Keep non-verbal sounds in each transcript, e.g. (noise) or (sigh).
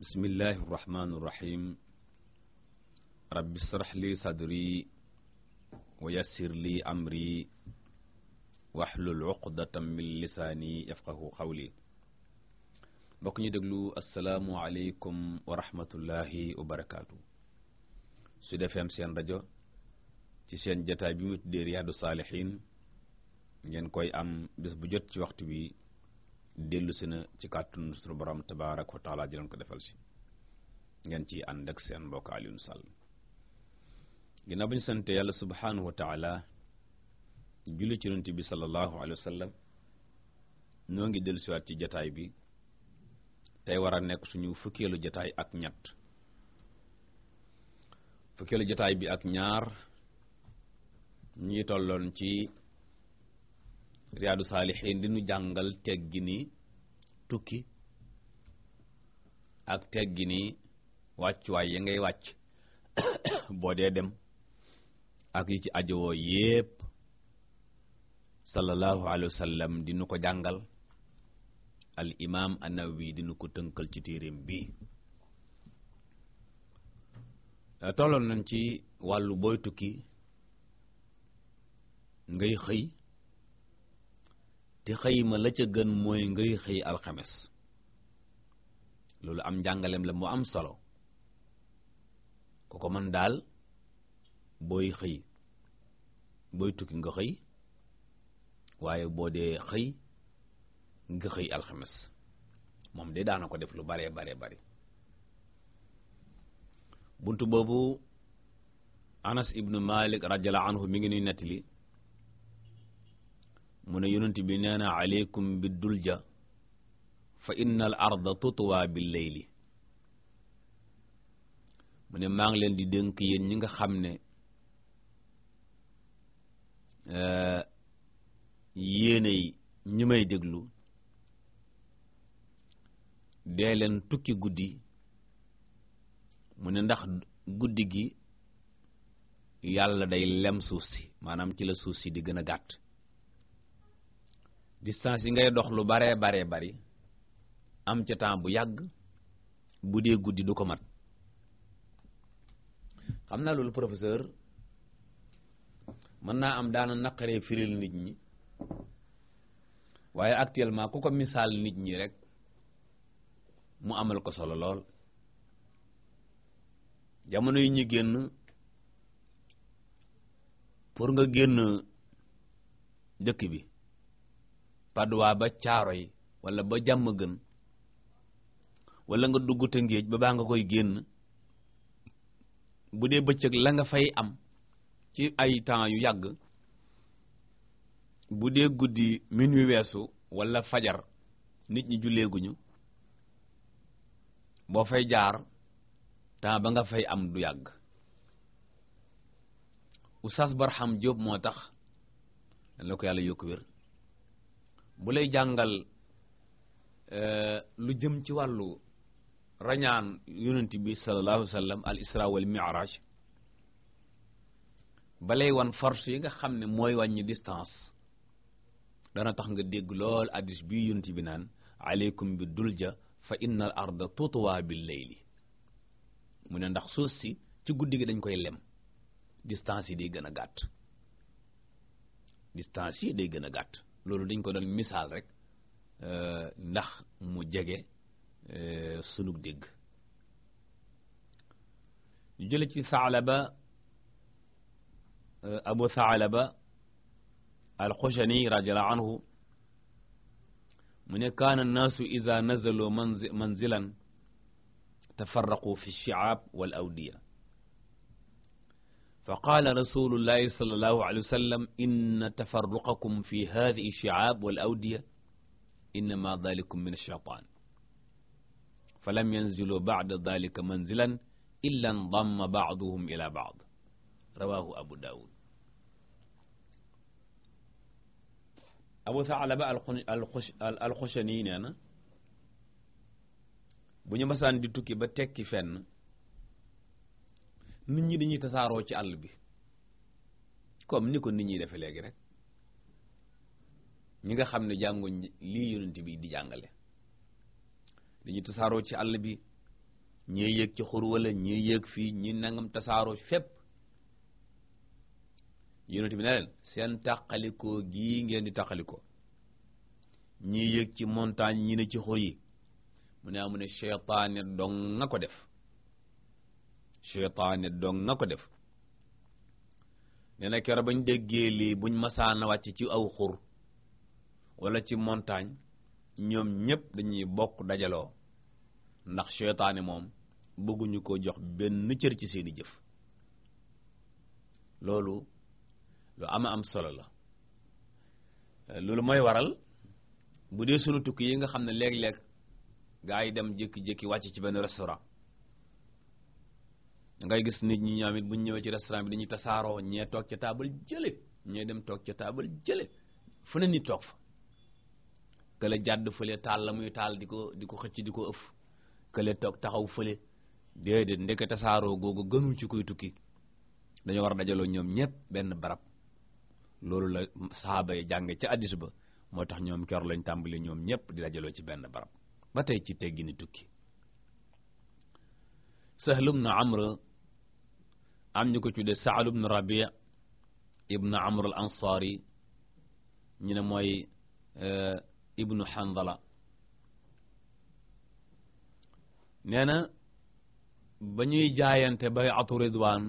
bismillahi irrahmani irrahim rabbi israh li sadri wa yassir li amri waxlul uqdatam min lisaani yafqahu qawli mbokk ñu déglu asalaamualeykum wa rahmatullahi wa barakaatu su defee am seen rajo ci seen jataay bi mu tuddee riyaadu saalihiin ngeen koy am bés bu jot ci waxtu bi dellusi na ci kàttun suñu borom tabarak wa taala ko defal si ngeen ci ànd ak seen mbokk Alioune Sall ginnaaw ba ñu sant yàlla subhaanahu wa taala julli ci yonent bi sallallahu alayhi wa noo ngi dellu siwaat ci jataay bi tey war a nekk suñu fukkeelu jataay ak ñett fukkeelu jataay bi ak ñaar ñi tolloon ci riyaadu saalihiin di nu jàngal teggini tukki ak teggini wàccuwaay ya ngay wàcc (coughs) boo dee dem ak yi ci ajowoo yépp sallallahu alayhi wa sallam ko jàngal al imaam an-Nawawi ko tënkal ci téereem bi tolloon nañ ci wàllu booy tukki ngay xëy ci xëy ma la ca gën mooy ngay xëy alxemes loolu am njàngaleem la mu am solo ku ko mën daal booy xëy booy tukki nga xëy waaye boo dee xëy nga xëy alxames moom de daana ko def lu bare bare bari bunt boobu Anas ibnu Malik radiyallahu anhu mi ngi nuy li mu ne yonent bi nee na aleykum bi dulja fa inna al arda tutwa bil layli mu ne maa ngi leen di dénk yéen ñi nga xam ne eh, yéene yi ñi may déglu dee leen tukki guddi mu ne ndax guddi gi yàlla day lem suuf si maanaam ci la suuf si di gën a gàtt distance yi ngay dox lu baree baree bari am ca temps bu yàgg bu dee guddi du ko mat xam naa loolu professeur mën naa am daana naqaree firil nit ñi waaye actuellement ku ko misaal nit ñi rek mu amal ko solo lool jamono yi ñu génn pour nga génn dëkk bi Padois ba caaro yi wala ba jàmm gën wala nga dugg Tëngéej ba baa nga koy génn bu dee bëccëg la nga fay am ci ay temps yu yàgg bu dee guddi minuit weesu wala fajar nit ñi julleeguñu boo fay jaar temps ba nga fay am du yàgg Oustaz Barham Diop moo tax dan la ko yàlla yokk wér bu lay jàngal euh, lu jëm ci wàllu rañaan yonent bi sallallahu alayhi wa sallam al isra wal mi'raj balay wan force yi nga xam ne mooy wàññi distance dana tax nga dégg lool addis bi yonent bi naan aleykum bi dulja fa inna al arda tutwa bi layli mu ne ndax suuf si ci guddi gi dañ koy lem distance yi day gën a gàtt distance yi day gën a gàtt loolu dañ ko doon misaal rek euh, ndax mu jege euh, sunug dégg ñu jële ci Saalaba euh, Abu Saalaba al-Xushani radiyallahu anhu mu ne kaana naasu iza nazalu manzilan tafarraqu fi shi'aab wal awdiya fa qaala rasulullahi sallallahu alayhi wa sallam inna tafarruqakum fi hadihi ash-shi'ab wal awdiya innama dhalikum min ash-shaytan fa lam yanzilu ba'da dhalika manzilan illa ndamma ba'duhum ila ba'd rawahu abu dawud abu Saalaba al-Xushani nee na bu ñu masaan di tukki ba tekki fenn nit ñi dañuy tasaaroo ci àll bi comme ni ko nit ñi defe léegi rek ñi nga xam ne jànguñ lii yonent bi di jàngale dañuy tasaaroo ci àll bi ñii yéeg ci xur wala ñii yéeg fii ñi nangam tasaaroo fépp yonent bi ne leen seen tàqalikoo gii ngeen di tàqalikoo ñii yéeg ci montagne ñi ne ci xur yi mu ne amu ne seytaane dong nga ko def seytaane dong na ko def nee na kero bañ déggee lii buñ masaana wàcc ci aw xur wala ci montagne ñoom ñépp dañuy bokk dajaloo ndax seytaane moom bëgguñu ko jox benn cër ci seeni jëf loolu lu ama am solo la loolu mooy waral bu dee sunu tukki yi nga xam ne léeg-léeg gaa yi dem jëkki jékki wàcc ci benn restaurant dangay gis nit ñi ñoom bu ñu ñëwee ci restaurant bi dañuy tasaaroo ñee toog ca taabal jële ñee dem toog ca taabal jële fu ne nit toog fa kële jàdd fële taal la muy taal di ko di ko xëcc di ko ëf kële toog taxaw fële déedéet ndeke tasaaroo googu gënul ci kuy tukki dañoo war a dajaloo ñoom ñépp benn barab loolu la saaba yi jànge ca addis ba moo tax ñoom kor lañ tàmbali ñoom ñépp di dajaloo ci benn barab ba tey ci teggini tukki Sahl ibn Amr am ñu ko tuddee Sahl ibn Rabi' ibn Amr al Ansari ñu ne mooy eh, ibnu Handala nee na ba ñuy jaayante bay'atu ridwaan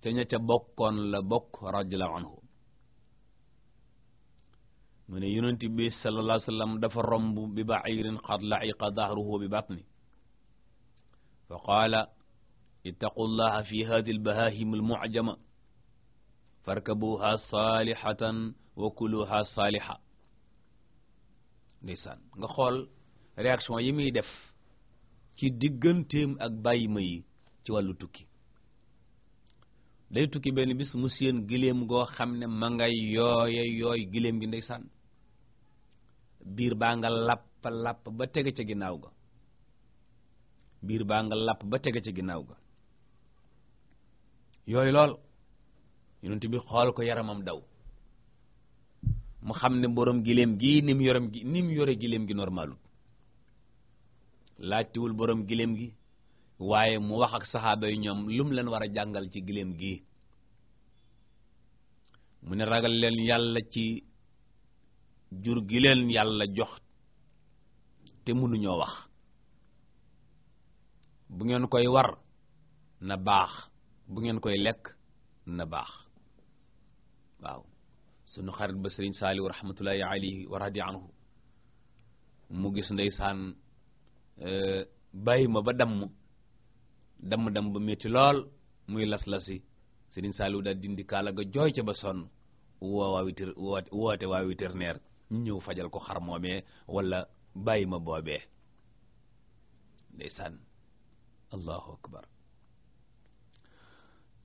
te ña ca bokkoon la bokk radiyallahu anhu mu ne yonent bi sallallahu alayhi wa sallam dafa romb bi ba'irin qad bi batni fa qaala ittaqullaha fi hadi lbahahim almucjama farkabuha salihatan wa kuluha saliha ndeysaan nga xool réaction yi muy def ci digganteem ak bàyyi ma yi ci wàllu tukki day tukki benn bis mu seen giléem goo xam ne ma ngay yooya yooy giléem gi ndeysaan biir baa nga làpp làpp ba tege ca ginnaaw ga biir baa nga làpp ba tege ca ginnaaw ga yooyu lool yonent bi xool ko yaramam daw mu xam ne boroom giléem gi ni mu mu yore giléem gi normalut laajtiwul boroom giléem gi waaye mu wax ak saxaaba yi ñoom lu mu leen war a jàngal ci giléem gi mu ne ragal leen yàlla ci jur gi leen yàlla jox te mënuñoo wax bu ngeen koy war na baax bu ngeen koy lekk na baax waaw sunu xarit ba sëriñ saaliw rahmatullahi alayhi wa anhu mu gis ndey saan euh, bàyyi ma ba damm damm damm ba metti lool muy las-lasi sëriñ saaliw daal dindi kaala ga jooy ca ba sonn woo witir woote waa vétérinaire ñu ñëw fajal ko xar moomee wala bàyyi ma boobee ndeysaan allahu akbar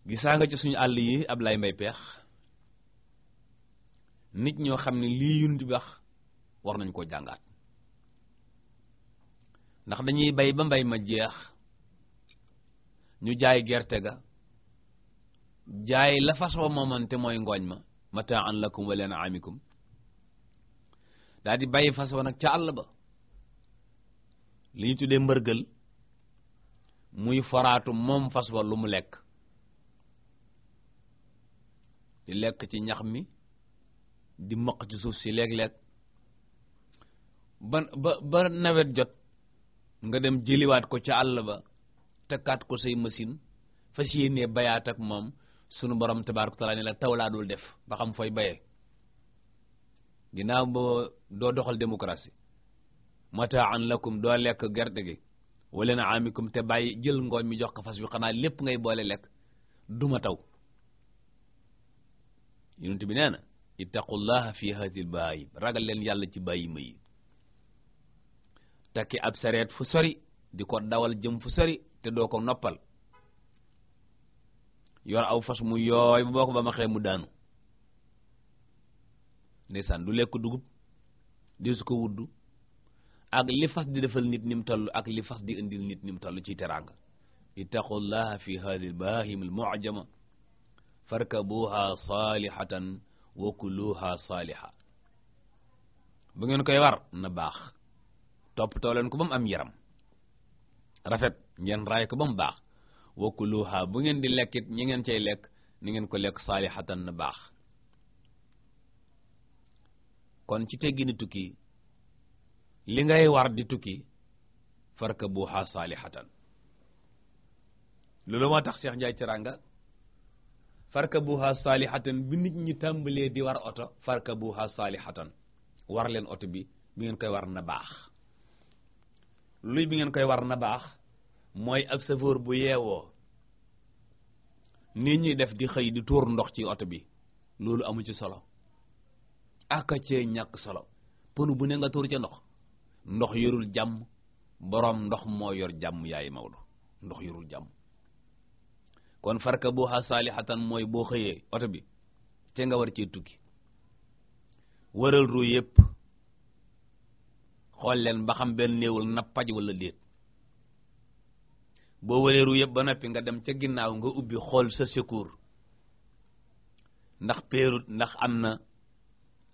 gisaa nga ci suñu àll yi Ablaye Mbaye Peex nit ñoo xam ne lii yunt bi wax war nañ koo jàngaat ndax dañuy bay ba mbay ma jeex ñu jaay gerte ga jaay la façon moomante mooy ngooñ ma mataan lakum wa lana amikum daal di bàyyi façon nag ca àll ba li ñu tuddee mbërgël muy foraatu moom fas wa lu mu lekk di lekk ci ñax mi di mokk ci suuf si léeg lekk ba ba ba nawet jot nga dem jëliwaat ko ca àll ba takkaat ko say machine fas yéenee bayaat ak moom sunu borom tabaaraka taala ne la taw laa dul def ba xam fooy bayee ginnaaw boo doo doxal démocratie la lakum doo lekk gerte gi wala na amikum te bàyyi jël ngooñ mi jox ko fas wi xanaa lépp ngay boole lekk duma taw yonent bi nee na ittaqullaha fi hadil baayib ragal leen yàlla ci bàyyima yi takki ab sereet fu sori di ko dawal jëm fu sori te doo ko noppal yor aw fas mu yooy boo ko ba ma xee mu daanu ndeysaan du lekk dugub di ko wudd ak li fas di defal nit ni mu toll ak li fas di indil nit ni mu toll ci teraanga ittaqullaha fi hadil baahim al mu'jama farkabuha salihatan wa kuluha saliha bu ngeen koy war na baax toppatoo leen ko ba mu am yaram rafet ngeen raay ko ba mu baax wa bu ngeen di lekkit ñi ngeen cey lekk ni ngeen ko lekk salihatan na baax kon ci teggini tukki li ngay war di tukki farkabuha salihatan loolu moo tax Cheikh Ndiaye Tiranga farkabuha salihatan bi nit ñi tàmbalee di war oto farkabuha salihatan war leen oto bi bi ngeen koy war na baax luy bi ngeen koy war na baax mooy ab chauffeur bu yeewoo nit ñuy def di xëy di tuur ndox ci oto bi loolu amul ci solo aka cee ñàkk solo pënu bu ne nga tuur ca ndox ndox yorul jàmm boroom ndox moo yor jàmm yaay Maodo ndox yorul jàmm kon farka buuxa saalihatan mooy boo xëyee oto bi te nga war ci tukki waral ruu yëpp xool leen ba xam benn néewul na paj wala déet boo waree ruu yëpp ba noppi nga dem ca ginnaaw nga ubbi xool sa secours ndax péerut ndax am na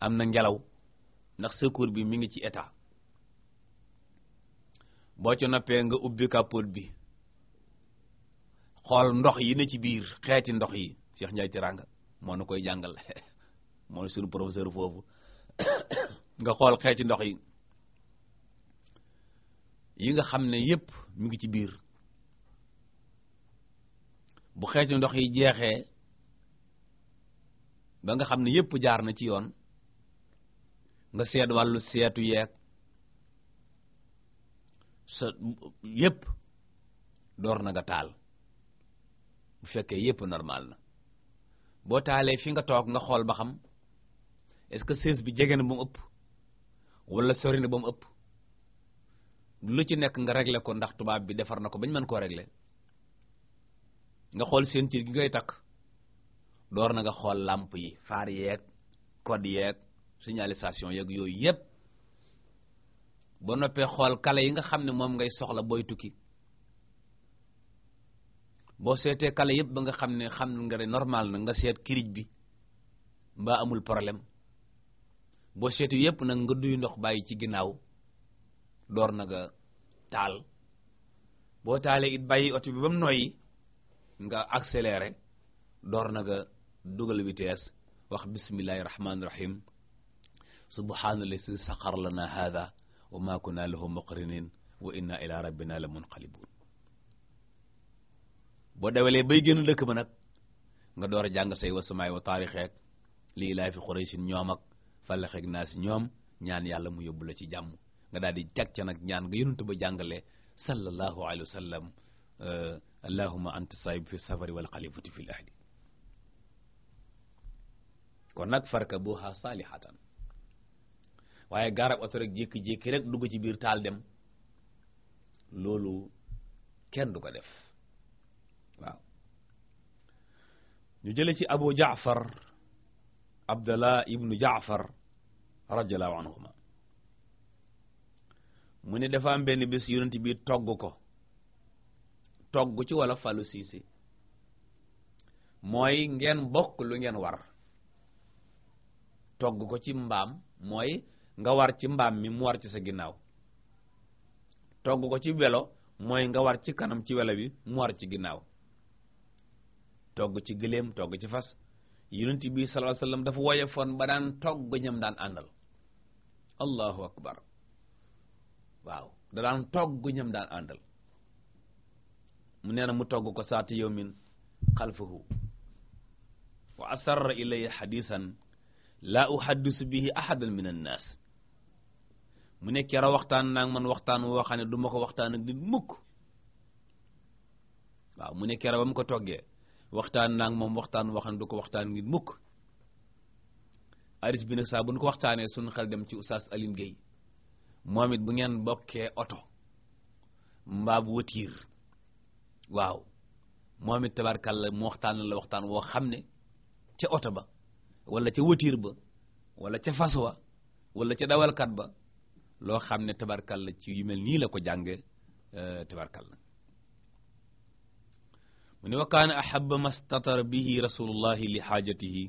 am na ngelaw ndax secours bi mi ngi ci état boo ci noppee nga ubbi capote bi xool ndox yi ne ci biir xeeti ndox yi Cheikh Ndiaye Tiranga moo na koy jàngal (laughs) moo suñu professeur foofu (coughs) nga xool xeeti ndox yi yi nga xam ne yépp mu ngi ci biir bu xeeti ndox yi jeexee ba nga xam ne yépp jaar na ci yoon nga seet wàllu seetu yeeg sa yépp door na nga taal bu fekkee yépp normal na boo taalee fi nga toog nga xool ba xam est-ce que sées bi jege na ba mu ëpp walla sori na ba mu ëpp lu ci nekk nga régler ko ndax tubaab bi defar na ko bañ ñu koo régler nga xool ceinture gi ngay takk door na nga xool làmp yi faar yeeg code yeeg signalisation yeeg yooyu yépp ba noppee xool kale yi nga xam ne moom ngay soxla booy tukki boo seetee kale yëpp ba nga xam ne xam nga ne normal na nga seet kirij bi mbaa amul problème boo seetu yëpp nag nga duy ndox bàyyi ci ginnaaw door na nga taal boo taale it bàyyi oto bi ba mu noyyi nga accéléré door na nga dugal vitesse wax bismillahir rahmanir rahim subhanallahi saxar lana hadha wa ma kunna lahu muqrinin wa inna ila rabbina lamunqalibun boo dawalee bay génn dëkk ba nag nga door a jàng say wasamaay wa taarixeek lii laay fi xuraysin ñoom ak fallaxeek naa si ñoom ñaan yàlla mu yóbbu la ci jàmm nga daal di teg ca nag ñaan nga yonent ba jàngale sallallahu alayhi wa sallam euh, allahumma anta saayib fi safari wal xalifati fi ahli kon nag farka buha salihatan waaye gaarab oto rek jékki-jékki rek dugg ci biir taal dem loolu kenn du ko def waaw ñu jële ci abu jaafar abdallah ibnu jaafar radiallahu anhuma mu ne dafa mbenn benn bés yonent bi togg ko togg ci wala falu siisi mooy ngeen bokk lu ngeen war togg ko ci mbaam mooy nga war ci mbaam mi mu war ci sa ginnaaw togg ko ci welo mooy nga war ci kanam ci welo bi mu war ci ginnaaw togg ci gëléem togg ci fas yonent bi sallallahu alayhi wasallam dafa woyofoon ba daan togg ñam daan àndal allahu akbar waaw da àndal mu nee mu togg ko saati yawmin xalfahu wa asarra ilayya hadisan laa uhaddisu bihi ahadan min annaas mu ne keroog waxtaan naag man waxtaan woo xam ne du ma ko waxtaan ak nit mukk waaw mu ne keroog ba mu ko toggee waxtaan naa moom waxtaan waxan du ko waxtaan ngi mukk aris bi nag saa bu nu ko waxtaanee suñu xel dem ci oustaz Alioune Gueye moom it bu ngeen bokkee oto mbaa bu watiir waaw moom it tabarkàlla mu waxtaan la waxtaan woo xam ne ca oto ba wala ca watiir ba wala ca fas wa wala ca dawalkat ba loo xam ne tabarkal tabarkàlla ci yu mel nii la ko jànge euh, tabarkàlla mu ne wa kaana ahaba mastatar bihi rasulullahi li xaajatihi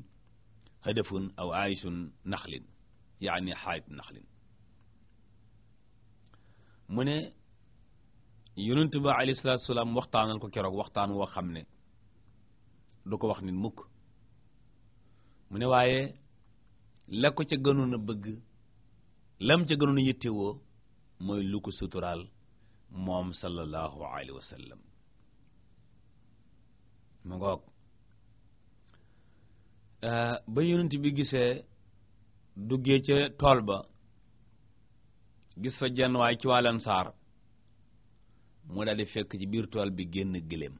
hadafun aw aayishun naxlin yaani xaayib naxlin mu ne yonent ba alayhi salaatu salaam waxtaanal ko keroog waxtaan woo xam ne du ko wax nit mukk mu ne waaye la ko ca gënoon a bëgg lam ca gënoon a yittewoo mooy lu ko suturaal moom sallallahu alayhi wa sallam mu ngoog euh, ba yonent bi gisee duggee ca tool ba gis fa jenn waay ci wàllan saar mu daldi fekk ci biir tool bi génn gëléem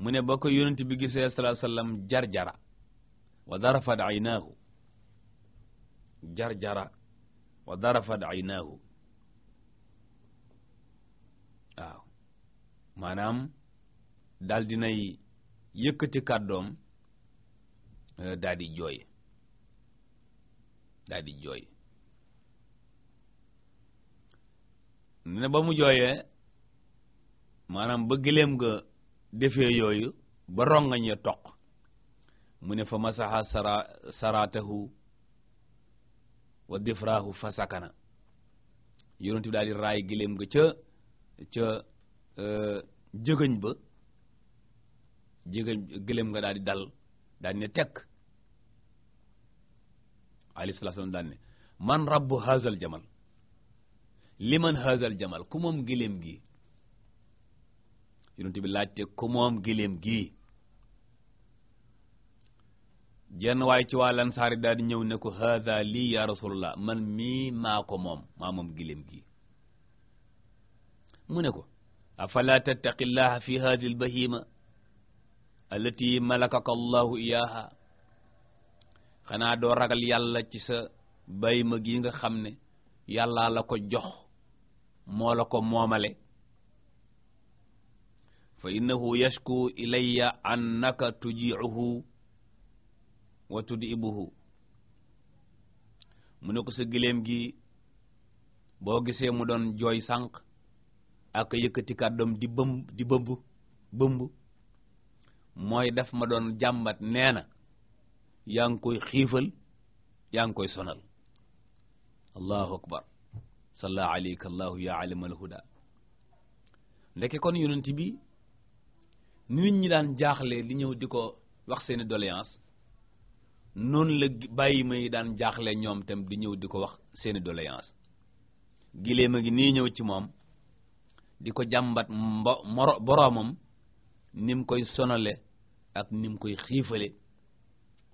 mu ne ba ko yonent bi gisee sallallahu alayhi jar jara wa darafat aynaahu jarjara wa darafat aynaahu waaw maanaam daal dinay yëkkati kàddoom euh, daal di jooy daal di jooy ne ba mu jooyee maanaam ba giléem nga defee yooyu ba rongañ toq mu ne fa masaxa sara saratahu wa difrahu fa sakana yonent bi daal di raay giléem nga ca ca Euh, jëgëñ ba jëgëñ gëléem nga daal di dal daal di ne tekk alayhi salaatu salaam daal ne man rabbu haazal jamal liman haazal jamal ku moom gëléem gi yonent bi laajte ku moom gëléem gi jenn waaye ci waa lansaari daal di ñëw ne ko haada lii ya rasulullah man mii maa ko moom maa moom giléem gi mu ne ko afala tattaqi llaha fi hadi albahima allati malakaka allahu iyaha xanaa doo ragal yàlla ci sa bayma gi nga xam ne yàllaa la ko jox moo la ko moomale fa innahu yashku ilayya annaka tuji'uhu wa tud'ibuhu mu ne ko sa giléem gi boo gisee mu doon jooy sànq ak yëkkati kàddoom di bëmb di bëmb bëmb mooy daf ma doon jàmbat nee na yaa ngi koy xiifal yaa ngi koy sonal allahu akbar salla alayka allahu ya alimal huda ndeke kon yonent bi ni nit ñi daan jaaxle di ñëw di ko wax seeni doléance noonu la bàyyi ma yi daan jaaxle ñoom tam di ñëw di ko wax seeni doléance giléem a ngi ni ñëw ci moom di ko jàmbat mbo moro boroomam ni koy sonale ak ni mu koy xiifale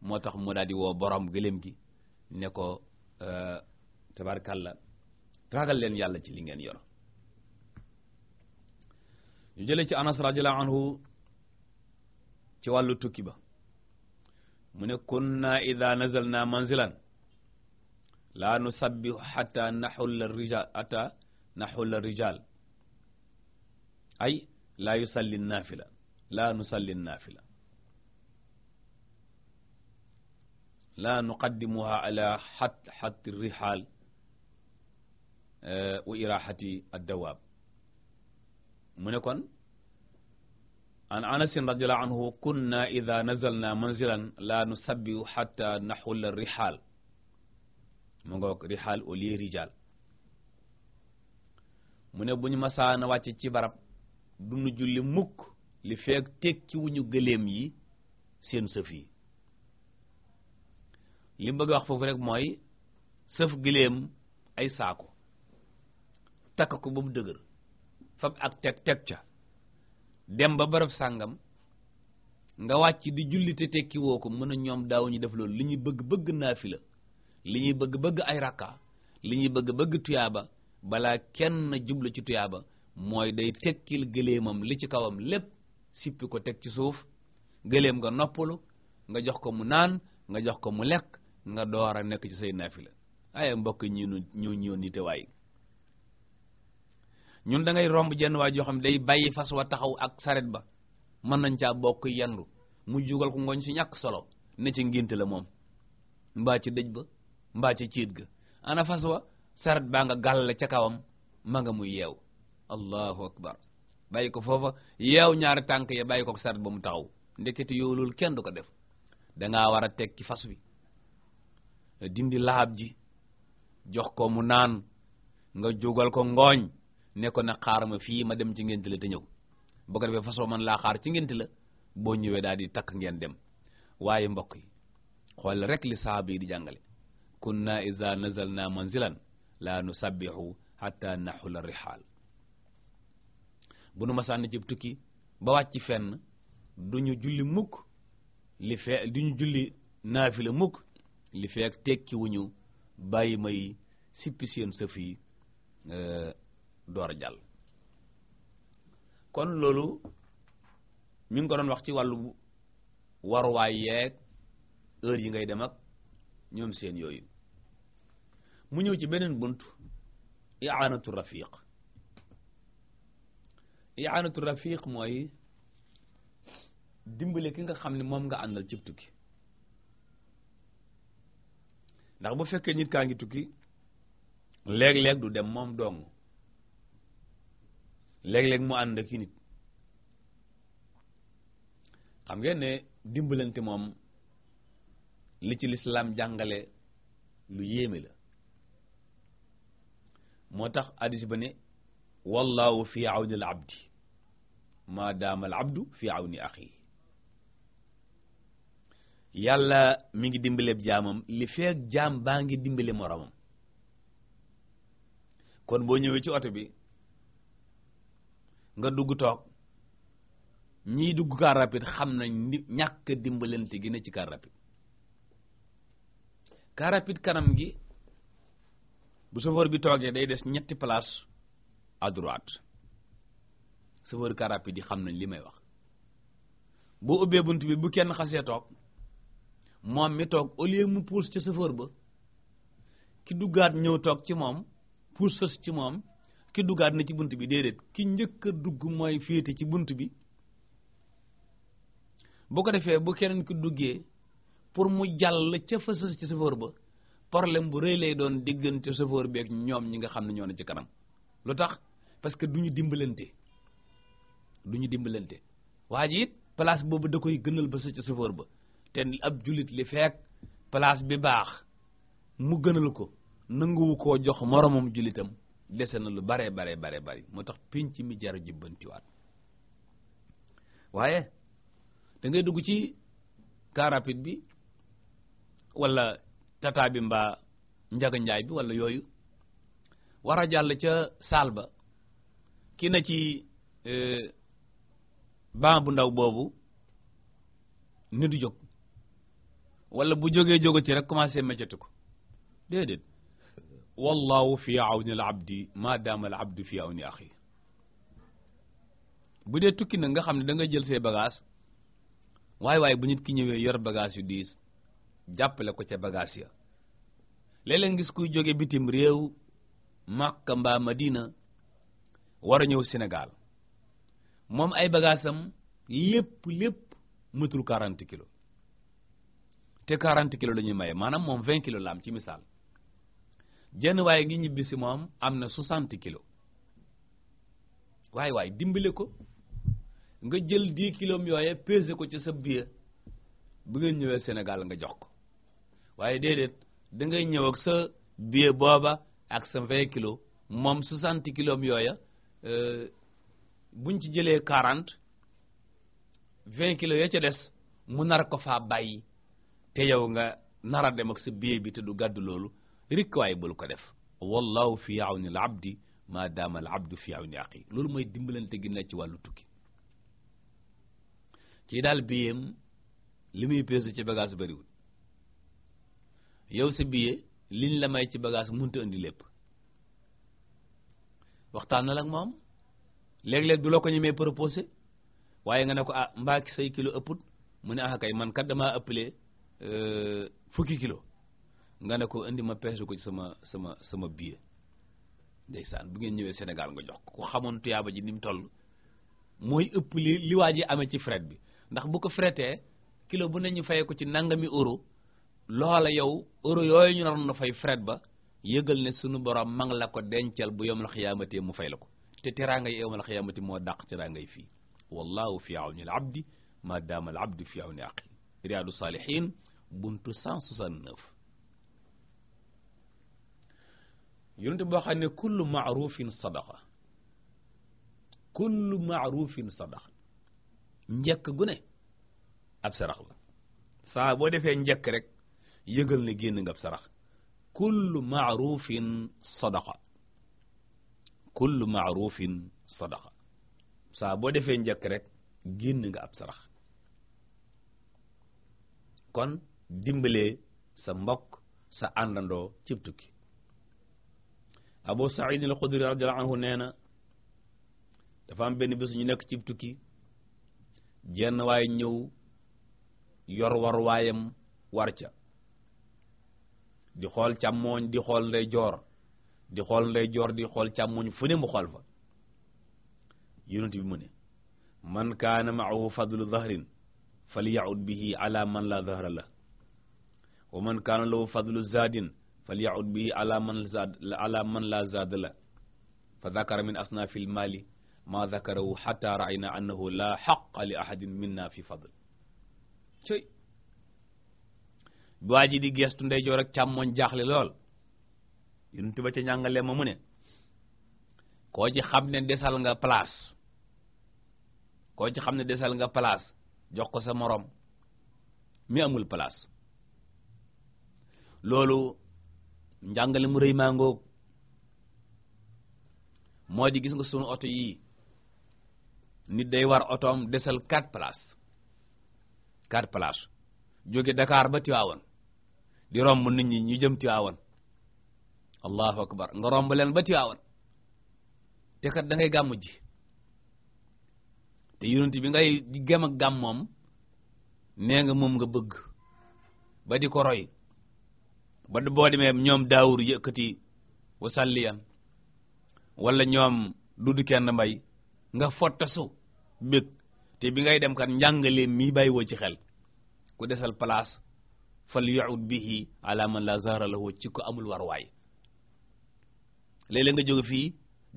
moo tax mu daal di woo boroom gëléem gi ne ko euh, tabarkalla ragal leen yàlla ci li ngeen yor ñu jëlee ci anas radiyallahu anhu ci wàllu tukki ba mu ne kunna idha nazalna manzilan la nusabbihu hatta nahulla rijal hatta nahulla rijal ay laa yusalli naafila laa nusalli naafila laa nuqaddimuha ala xat xat rihaal wa eh, irahati addawaab mu ne kon an anasin radiallahu anhu kunna ida nazalna manzilan la nusabbihu hatta naxulla rihaal mu ngoog rihaal au lieu rijal mu ne bu ñu masaana wàcc ci barab dunu julli mukk li feek tekki wuñu gëléem yi seen sëf yi li mu bëgg a wax foofu rek mooy sëf gëléem ay saako takk ko ba mu dëgër fab ak teg teg ca dem ba barab sàngam nga wàcc di julli te tekki ko mën a ñoom daaw def loolu li ñuy bëgg bëgg naafila li ñuy bëgg bëgg ay rakka li ñuy bëgg bëgg tuyaaba balaa kenn jublu ci tuyaaba mooy day tekkil gëleemam li ci kawam lépp sippi ko teg ci suuf gëleem nga noppalu nga jox ko mu naan nga jox ko mu lekk nga door a nekk ci say naafila ay mbokk ñi ñu ñu ñu nite waaye ñun dangay romb jenn waa joo xam day bàyyi fas wa taxaw ak saret ba mën nañ caa bokk yandu mu jugal ko ngoñ si ñàkk solo ne ci ngint la moom mbaa ci dëj ba mbaa ci ciit ga ana fas wa saret baa nga gàll ca kawam ma nga muy yeew allahu akbar bàyyi ko foofa yeew ñaari tànk ya bàyyi ko sart ba mu taxaw ndekete yoo loolu kenn du ko def danga war a teg fas wi dindi laab ji jox ko mu naan nga jógal ko ngooñ ne ko na xaar ma fii ma dem ci ngénte la te ñëw boo ko defee man laa xaar ci ngénte la boo ñëwee daal di takk ngeen dem waaye mbokk yi xool rek li yi di jàngale kunna iza nazalna manzilan la nusabbihu hatta nahula rihaal bu nu masaan ci tukki ba wàcc fenn du ñu julli mukk li fee du ñu julli naafila mukk li feek tekki wu ñu bàyyi may sippi seen sëf euh, door jàll kon loolu mu ngi ko doon wax ci wàllu waruwaay yeeg heure yi ngay dem ak ñoom seen yooyu mu ñëw ci beneen bunt i'anatu rafiq ianatu rafiq mooy dimbale ki nga xam ne moom nga àndal cib tukki ndax bu fekkee nit kaa ngi tukki léeg-léeg du dem moom doom léeg-léeg mu ànd ak nit xam ngeen ne dimbalante moom li ci lislaam jàngale lu yéeme la moo tax hadiis ba ne wallahu fi awni abdi ma al abdu fi awni axi yàlla mi ngi dimbaleeb jaamam li feek jaam baa ngi dimbale moromam kon boo ñëwee ci oto bi nga dugg toog ñii dugg car rapide xam nañ ñàkk dimbalante gi ne ci car rapide car rapide kanam gi bu chauffeur bi toogee day des ñetti palaas à droite chauffeur car xam nañ li may wax boo ubbee bunt bi bu kenn xasee toog moom mi toog au lieu mu puus ca chauffeur ba ki duggaat ñëw toog ci moom puus sës ci moom ki duggaat na ci bunt bi déedéet ki njëkk a dugg mooy féete ci bunt bi boo ko defee bu keneen ki duggee pour mu jàll ca fa sës ci chauffeur ba problème bu rëy lay doon diggante chauffeur beeg ñoom ñi nga xam ne ñoo ne ci kanam lu tax parce que du ñu dimbalante du ñu dimbalante waa ji it boobu da koy gënal ba sa ca ba te ab jullit li feek place bi baax mu gënal ko nanguwu ko jox moromam jullitam dese na lu bare bare bare bari moo tax ci mi jar a jubbantiwaat waaye dangay dugg ci car bi walla tata bi mbaa njaga bi wala yooyu war a jàll ca saal ba ki na ci e, ban bu ndaw boobu ni du jóg wala bu jógee jóge ci rek commencé méccatu ko déedéet wallahu fi awni al abdi ma dama al abdu fi awni axi bu dee tukki nag nga xam ne dangay jël see bagage waaye waaye bu nit ki ñëwee yor bagage yu diis jàppale ko ca bagage ya léeg-léeg ngis kuy jóge bitim réew Makka mbaa Madina war a ñëw Sénégal moom ay bagaasam lépp lépp mëtul 40 kilos te 40 kilo lañuy may maye maanaam moom 20 kilos la am ci misaal jenn waaye ngi ñibbi si moom am na 60 kilos waaye waaye dimbale ko nga jël di kilos yooye peser ko ci sa biir bu ngeen ñëwee Sénégal nga jox ko waaye déedéet da ngay ñëw ak sa biir booba ak sa 20 kilos moom 60 kilos yooya euh, buñ ci jëlee 40 20 kilos ya ca des mu nar ko faa bàyyi te yow nga nara dem ak sa biir bi te du gàdd loolu rikk waaye bul ko def. wallahu fi awni al abdi ma dama al abdu fi awni aqi loolu mooy dimbalante gi ci wàllu tukki ci daal biyeem li muy peesu ci bagage bariwul yow sa billet. liñ la may ci bagage mënut a indi lépp waxtaan la ak moom léeg-léeg du la ko ñemee proposé waaye nga ne ko ah mbaa ki say kilo ëpput mu ne ah kay man kat damaa ëppalee euh, fukki kilo nga ne ko indi ma peese ko sama sama sama sama billet ndeysaan bu ngeen ñëwee Sénégal nga jox ko xamoon tuyaaba ji ni mu toll mooy ëpp li li waa ji amee ci fret bi ndax bu ko fretee kilo bu ne ñu fayee ko ci nangami euro loola yow euro yooyu ñu naroon na fay fret ba yëgal ne sunu borom ma nga la ko dencal bu yomul xiyaamati mu fay la ko te teraanga yi yomul xiyaamati moo dàq teraanga yi fii wallahu fi awni al abdi ma daama al abdi boo xam ne kullu ma'rufin sadaqa kullu ma'rufin sadaqa njëkk gu ne ab sarax la saa boo defee njëkk rek yëgal na génn nga sarax kullu maarufin sadaqa kullu maarufin sadaqa saa boo defee njëkk rekk génn nga ab sarax kon dimbalee sa mbokk sa àndandoo cib tukki abu said al xudri radiallahu anhu nee na dafa am benn bés ñu nekk cib tukki jenn waay ñëw yor war waayam war ca di xool càmmooñ di xool ndeyjoor di xool ndeyjoor di xool càmmooñ fu ne mu xool fa yonent bi mu ne man kaana maahu fadlu dahrin falyaud bihi ala man la dahra la wa man kaana lahu fadlu zadin falyaud bihi ala man zad ala man la zada la fa dakara min asnaafi lmaali ma dakarahu xata raayna annahu la xaqa li ahadin minna fi fadl cëy waa ji di geestu ndeyjoor ak càmmoñ jaaxle lool yuntu ba ca ñàngale ma mu ne koo ci xam ne desal nga place koo xam ne desal nga place jox ko sa moroom mi amul place loolu njàngale mu rëy màngoog moo di gis nga sunu oto yii nit day war otoom desal quatre places quatre places jóge Dakar ba Tiwaawan di romb nit ñi ñu jëm Tiwaawan allahu akbar nga romb leen ba Tiwaawan te kat dangay ngay ji te yonent bi ngay gëm ak gàmm moom nee nga moom nga bëgg ba di ko roy ba boo demee ñoom daawur yëkkati wasalliyan wala ñoom dudd kenn mbay nga fottasu bëgg te bi ngay dem kat njàngaleem mii bàyyiwoo ci xel ku desal place fal yaud bihi ala man la zahra lahu ci ko amul war léeg-léeg nga jóge fii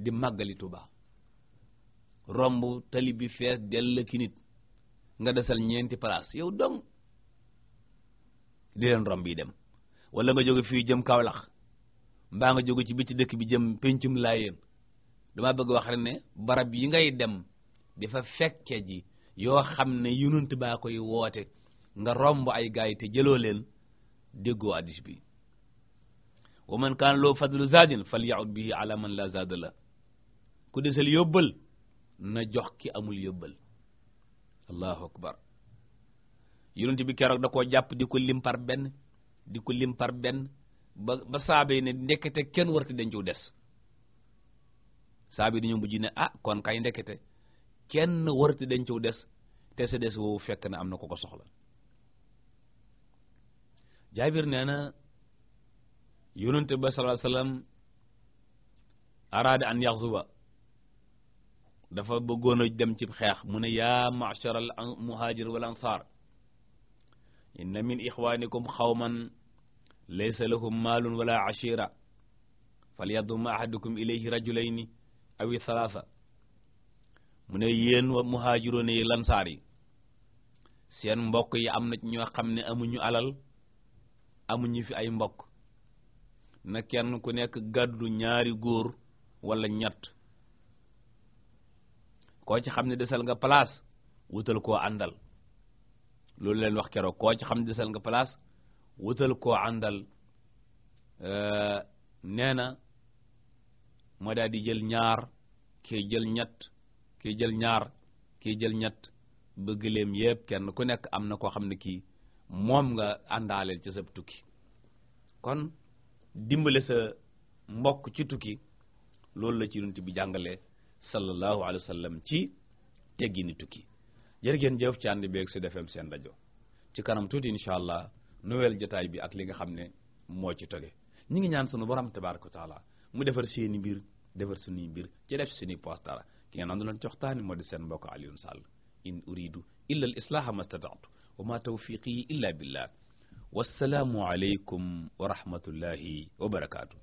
di màggali Tuuba romb talibi bi fees dell ki nit nga desal ñeenti place yow dong di leen romb yi dem wala nga jóge fii jëm Kaolack mbaa nga jóge ci bitti dëkk bi jëm pencum laayeen dama bëgg wax rek ne barab yi ngay dem di fa fekke ji yoo xam ne yonent baa koy woote nga romb ay gaay te jëloo leen déggoo addis bi wa man kaan loo fadlu zadin falyaud bihi ala man la zada la ku desal yóbbal na jox ki amul yóbbal allahu akbar yonent bi keroog da koo jàpp ko lim di ko lim benn ba ba saaba yi ne ndekete kenn warti dencu des saaba yi dañoo mujj ne ah kon kay ndekete kenn warti dencu des te sa des woowu fekk na am na ko ko soxla jaabir nee na yonente ba sallallahu alayhi araada an yaxzuba dafa bëggoon a dem ci xeex mu ne yaa ma'shar al muhajir wal ansar inna min ixwanikum xawman laysa lahum maalun wala ashira falyadum ahadukum ilayhi rajulayni awi thalatha mu ne yéen wa muhaajiroon yi lansaar yi seen mbokk yi am na ñoo xam ne amuñu alal amuñu fi ay mbokk na kenn ku nekk gàddu ñaari góor walla ñett koo ci xam ne desal nga place wutal koo àndal loolu leen wax keroog koo ci xam ne desal nga place wutal koo àndal euh, nee na moo daal di jël ñaar kii jël ñett kii jël ñaar kii jël ñett ba gëléem yépp kenn ku nekk am na koo xam ne kii moom nga àndaaleel ci sa tukki kon dimbale sa mbokk ci tukki loolu la ci yonent bi jàngale sallallahu alayhi wa sallam ci teggini tukki jërë ngeen jëf ci ànd beeg Sud FM seen rajo ci kanam tuuti incha allah nowel jotaay bi ak li nga xam ne moo ci toge ñu ngi ñaan sunu borom tabaaraka wa taala mu defar seeni mbir defar suñuy mbir ci def suñuy postara ki ngeen àndu loon coxtaani moo di seen mbokk Alioune Sall in uridu illa al islaha mastata'tu wa ma tawfiqi illa billah wassalaamu aleykum wa rahmatullahi wa barakaatu